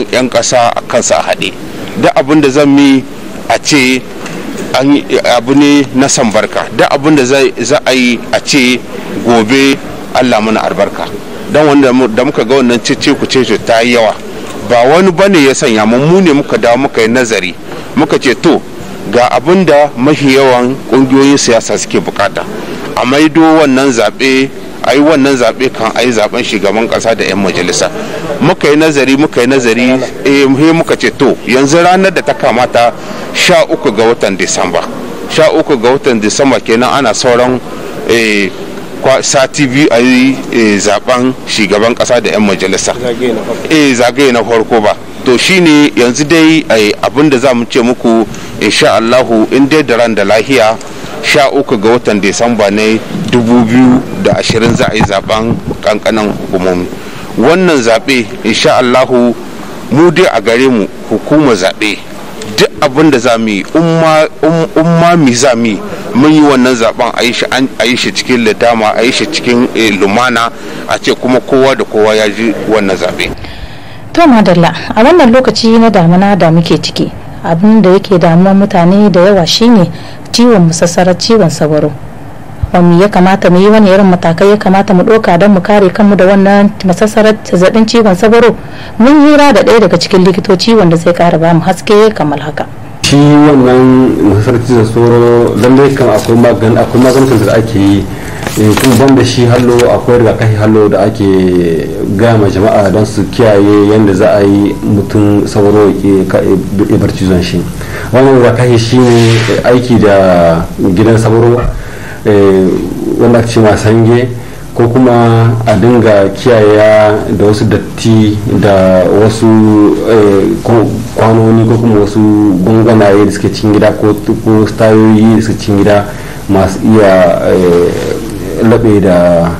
'yan ƙasa a kansa a haɗe duk abin da zan mi a ce abu ne na sambarka duk abin da za a yi a ce gobe allah mana albarka don wanda da muka ga wannan cece ku ce ta yi yawa ba wani bane ya sanya mu ne muka dawo muka yi nazari muka ce to ga abin da mafi yawan ƙungiyoyin siyasa suke bukata a maido wannan zaɓe a yi wannan zaɓe kan a yi zaɓen shugaban ƙasa da 'yan majalisa muka yi nazari muka yi nazari eh muka ce to yanzu ranar da ta kamata sha uku ga watan disamba sha uku ga watan disamba kenan ana sauran eh, sati biyu a yi eh, zaben shugaban ƙasa da 'yan majalisa eh zagaye na farko ba to shine yanzu dai eh, abin da za mu ce muku insha allahu in dai da ran da lahiya sha uku ga watan Disamba ne dubu biyu da ashirin za a yi zaben kankanan hukumomi wannan zaɓe insha Allahu mu dai a gare mu hukumar zaɓe duk abin da za mu yi umma mi za mu mun yi wannan zaɓen a yi shi cikin ladama a yi shi cikin eh, lumana a ce kuma kowa da kowa ya ji wannan zaɓe. to madalla a wannan lokaci na damana da muke ciki abin da yake damuwa mutane da yawa shine ciwon musassarar ciwon sabaro wani ya kamata mu yi wani irin matakai ya kamata mu ɗauka don mu kare kanmu da wannan masassarar zazzabin ciwon sabaro mun hira da ɗaya daga cikin likitoci wanda zai ƙara ba mu haske kamar haka shi wannan masassarar cizon sauro lallai kan akwai maganin akwai maganin da ake yi kuma eh, ban da shi hallo akwai rigakafi hallo da ake gama jama'a don su kiyaye yadda za a yi mutum sauro ya bar cizon shi wannan rigakafi shi ne aiki da gidan sauro eh, wanda ake cewa sange ko kuma a dinga kiyaye da wasu datti da wasu eh, kwanoni ko kuma wasu gunganaye da suke cin gida ko tayoyi da suke cin gida masu iya laɓe da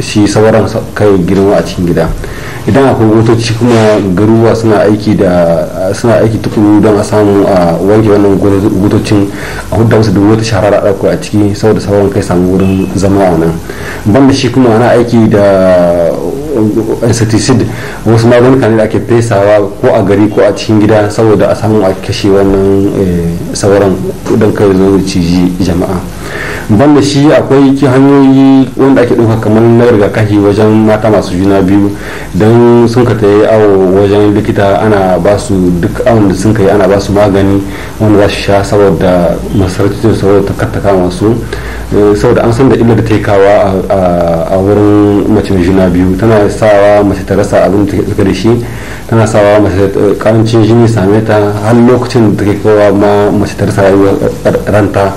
shi sauran kai girma a cikin gida idan akwai motoci kuma garuwa suna aiki da suna aiki tukuru don a samu a wanke wannan gutocin a hudda musu da wata shahara da a ciki saboda sauran kai samu wurin zama a nan ban da shi kuma ana aiki da uh, insecticide wasu magunuka ne da ake fesawa ko a gari ko a cikin gida saboda a samu a kashe wannan eh, sauran don kai zo ciji jama'a ban shi akwai ki hanyoyi wanda ake ɗauka kamar na rigakafi wajen mata masu juna biyu don sun ka tayi awo wajen likita ana ba su duk awon da sun kai ana ba su magani wanda za su sha saboda masarautar saboda ta kattaka masu eh, saboda an san da illar da ta yi a wurin mace mai juna biyu tana sawa mace ta rasa abin da take da shi tana sawa mace karancin eh, jini same ta har lokacin da take kawa ma mace ta rasa eh, ranta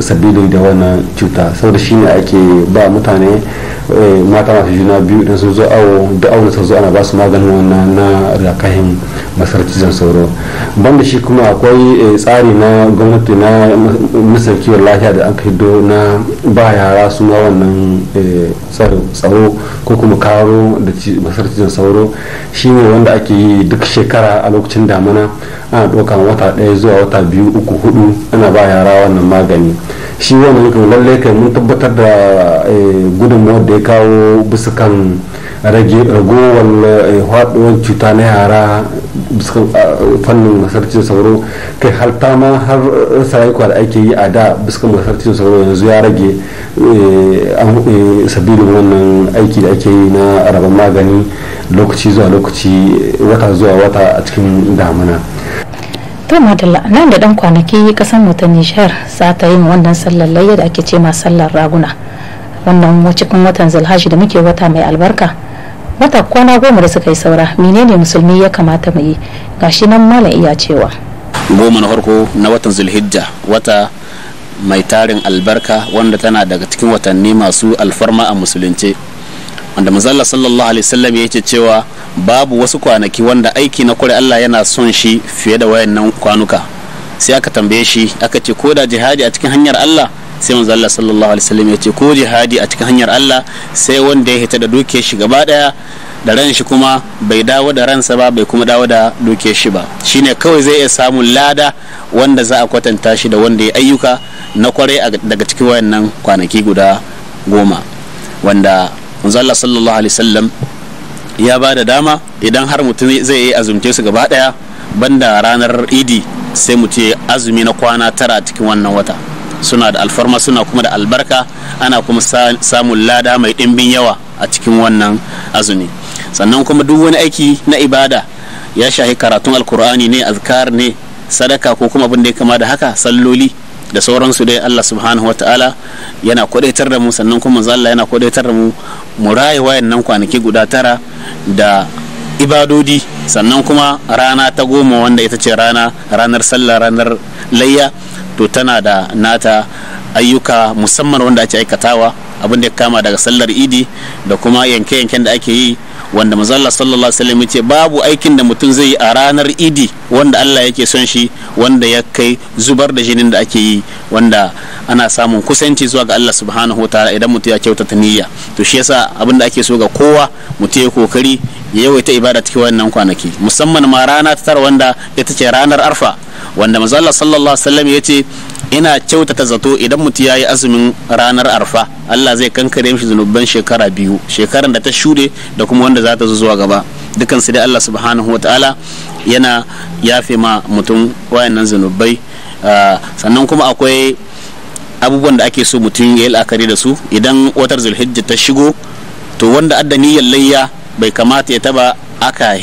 sabili da wannan cuta saboda shine ake ba mutane Eh, mata masu juna biyu idan sun zo awo da auna sun zo ana ba su maganin wannan na rakahin masar cizon sauro banda shi kuma akwai eh, tsari na gwamnati na misar lafiya da aka hido na ba yara su ma wannan eh, tsaro ko kuma karo da masar cizon sauro ne wanda ake yi duk shekara a lokacin damana ana ɗaukan wata ɗaya zuwa wata biyu uku hudu ana ba yara wannan magani shi wannan lallai kai mun tabbatar da gudunmuwar da ya kawo bisa kan rage ragowar haɗuwar eh, cuta na yara bisa ah, fannin masarcin sauro kai har ta ma har sarayuka da ake yi a da bisa masarcin sauro yanzu ya rage eh, eh, sabilin wannan aiki da ake yi na rabon magani lokaci zuwa lokaci wata zuwa wata a cikin damuna to madalla nan da dan kwanaki kasan mutane ta sa ta yi wannan sallar layya da ake ce ma sallar raguna wannan cikin watan zulhashi da muke wata mai albarka wata kwana goma da suka yi saura menene musulmi ya kamata mu yi gashi nan mala iya cewa goma na farko na watan zulhijja wata mai tarin albarka wanda tana daga cikin watanni masu alfarma a musulunci wanda mazalla sallallahu alaihi wasallam ya ce cewa babu wasu kwanaki wanda aiki na kure Allah yana son shi fiye da wayannan kwanuka sai aka tambaye shi aka ce ko da jihadi a cikin hanyar Allah sai manzo Allah sallallahu alaihi wasallam ya ce ko jihadi a cikin hanyar Allah sai wanda ya hita da duke shi gaba daya da ran shi kuma bai dawo da ransa ba bai kuma dawo da duke shi ba shine kawai zai iya samun lada wanda za a kwatanta shi da wanda ya ayyuka na kwarai daga cikin wayannan kwanaki guda goma wanda manzo Allah sallallahu alaihi wasallam ya ba da dama idan har mutum zai yi azumce su gaba daya banda ranar idi sai mutum azumi na kwana tara cikin wannan wata suna da alfarma suna kuma da albarka ana kuma samun lada mai ɗimbin yawa a cikin wannan azumi sannan kuma duk wani aiki na ibada ya shahi karatun alkur'ani ne azkar ne sadaka ko kuma abin da ya kama da haka salloli da sauransu dai Allah subhanahu wataala yana kwadaitar da mu sannan kuma Allah yana kwadaitar da mu mu raye wayannan kwanaki guda tara da ibadodi sannan kuma rana ta goma wanda ita ce rana ranar sallah ranar layya to tana da nata ayyuka musamman wanda ake aikatawa abin da ya kama daga sallar idi da kuma yanke-yanken da ake yi wanda mazalla sallallahu alaihi wasallam ce babu aikin da mutum zai yi a ranar idi wanda Allah yake son shi wanda ya kai zubar da jinin da ake yi wanda ana samun kusanci zuwa ga Allah subhanahu wa ta'ala idan mutum ya kyautata niyya to shi yasa abin da ake so ga kowa mutum ya kokari ya yawaita ibada cikin wannan kwanaki musamman ma rana ta tara wanda ita ce ranar arfa wanda mazala sallallahu alaihi ya ce ina kyautata zato idan mutum ya yi azumin ranar arfa allah zai kankare mishi zunuban shekara biyu shekaran da ta shuɗe da kuma wanda za ta zo zuwa gaba dukan su dai allah subhanahu wa ta'ala yana yafe ma mutum wayannan zunubai ah, sannan kuma akwai abubuwan da ake so mutum ya yi la'akari da su idan watar zulhijja ta shigo to wanda adda niyyar layya bai kamata ya taba aka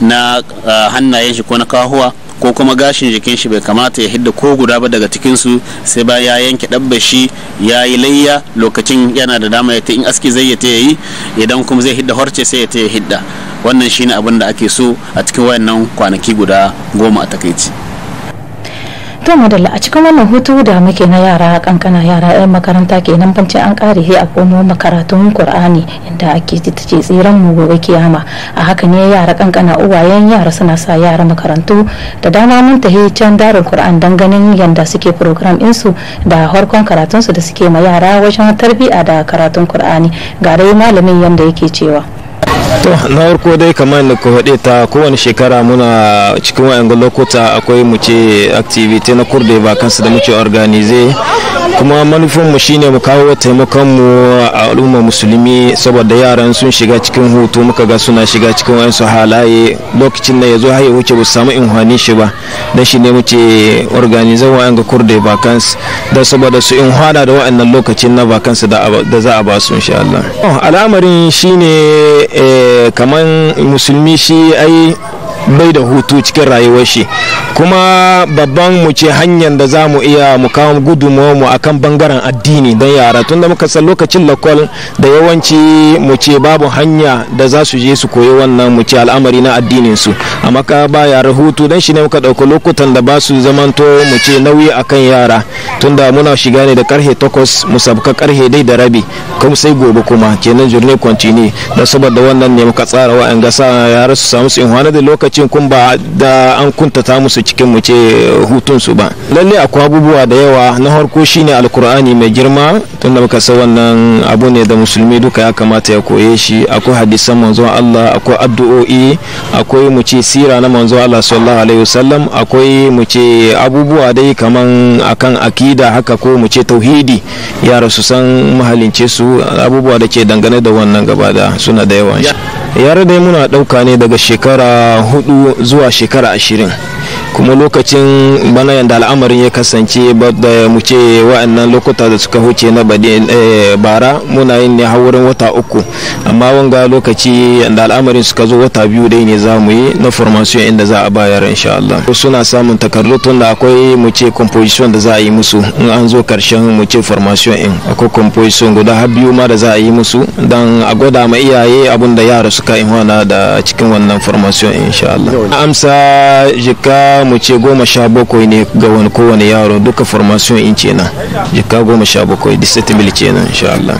na ah, hannayen shi ko na kahuwa ko kuma gashin jikin shi bai kamata ya hidda ko guda ba daga su sai ba ya yanke ɗabba shi ya yi layya lokacin yana da dama ya ta in aski zai ya ta yi idan kuma zai hidda horce sai ya ta ya hidda wannan shine abin da ake so a cikin wayannan kwanaki guda goma a takaici to madalla a cikin wannan hutu da muke na yara kankana yara yan makaranta kenan bancin an kare he a komo makaratun qur'ani inda ake ta ce tsiran mu gobe kiyama a haka ne yara kankana uwayen yara suna sa yara makarantu da dama mun ta can darin qur'an dan ganin yanda suke program din su da harkon karatun su da suke ma yara wajen tarbiya da karatun qur'ani ga dai malamin yanda yake cewa to na farko dai kamar da ku faɗe ta kowane shekara muna cikin wayan lokuta akwai mu ce activity na kurde ba kansu da muke organize kuma manufin mu shine mu kawo taimakon mu a al'umma musulmi saboda yaran sun shiga cikin hutu muka ga suna shiga cikin wayan su halaye lokacin da yazo haye wuce ba samu inhwani shi ba dan shi ne muke organize wayan ga kurde ba kansu da saboda su in hada da wayannan lokacin na ba kansu da za a ba su insha Allah al'amarin shine eh, Eh, kaman musulmi shi ai bai da hutu cikin rayuwar shi kuma babban mu ce hanyar da za mu iya mu kawo gudunmuwa mu akan bangaren addini don yara tun da muka san lokacin lakol da yawanci mu ce babu hanya da za su je su koyi wannan mu ce al'amari na addinin su amma ka ba yara hutu don shi ne muka ɗauki lokutan da ba su zamanto mu ce nauyi akan yara tun da muna shiga ne da karhe takwas mu sabka karhe dai da rabi kuma sai gobe kuma kenan jurne kwanci ne da saboda wannan ne muka tsara wa'anga sa yara su samu su in da lokaci cin kun ba da an kuntata musu cikin mu ce hutun su ba lalle akwai abubuwa da yawa na harko shine alkur'ani mai girma tun da muka san wannan abu ne da musulmi duka ya kamata ya koye shi akwai hadisan manzo Allah akwai addu'o'i akwai mu ce sira na manzo Allah sallallahu alaihi wasallam akwai mu ce abubuwa dai kaman akan akida haka ko mu ce tauhidi yara su san mahalince su abubuwa da ke dangane da wannan gaba da suna da yawa yare dai muna ɗauka ne daga shekara hudu zuwa shekara ashirin kuma lokacin bana yadda al'amarin ya kasance da mu ce wa'annan lokuta da suka huce na eh, bara muna yin ne har wata uku amma wanga lokaci yadda al'amarin suka zo wata biyu dai ne za mu yi na formation inda za a bayar insha Allah suna samun takardu tun da akwai mu ce composition da za a yi musu in an zo karshen mu ce formation in akwai composition guda har biyu ma da za a yi musu dan a gwada ma iyaye abin da yara suka yi da cikin wannan formation insha Allah amsa jika mu ce goma sha bakwai ne ga wani kowane yaro duka formation in ce nan jika goma sha bakwai ce nan insha Allah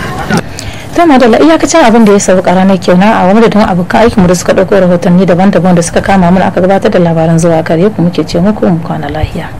ta madalla iyakacin abin da ya sauka ranar na a wani da abokan aikin mu da suka ɗauko rahotanni daban-daban da suka kama mana aka gabatar da labaran zuwa kare ku muke ce muku mu kwana lahiya.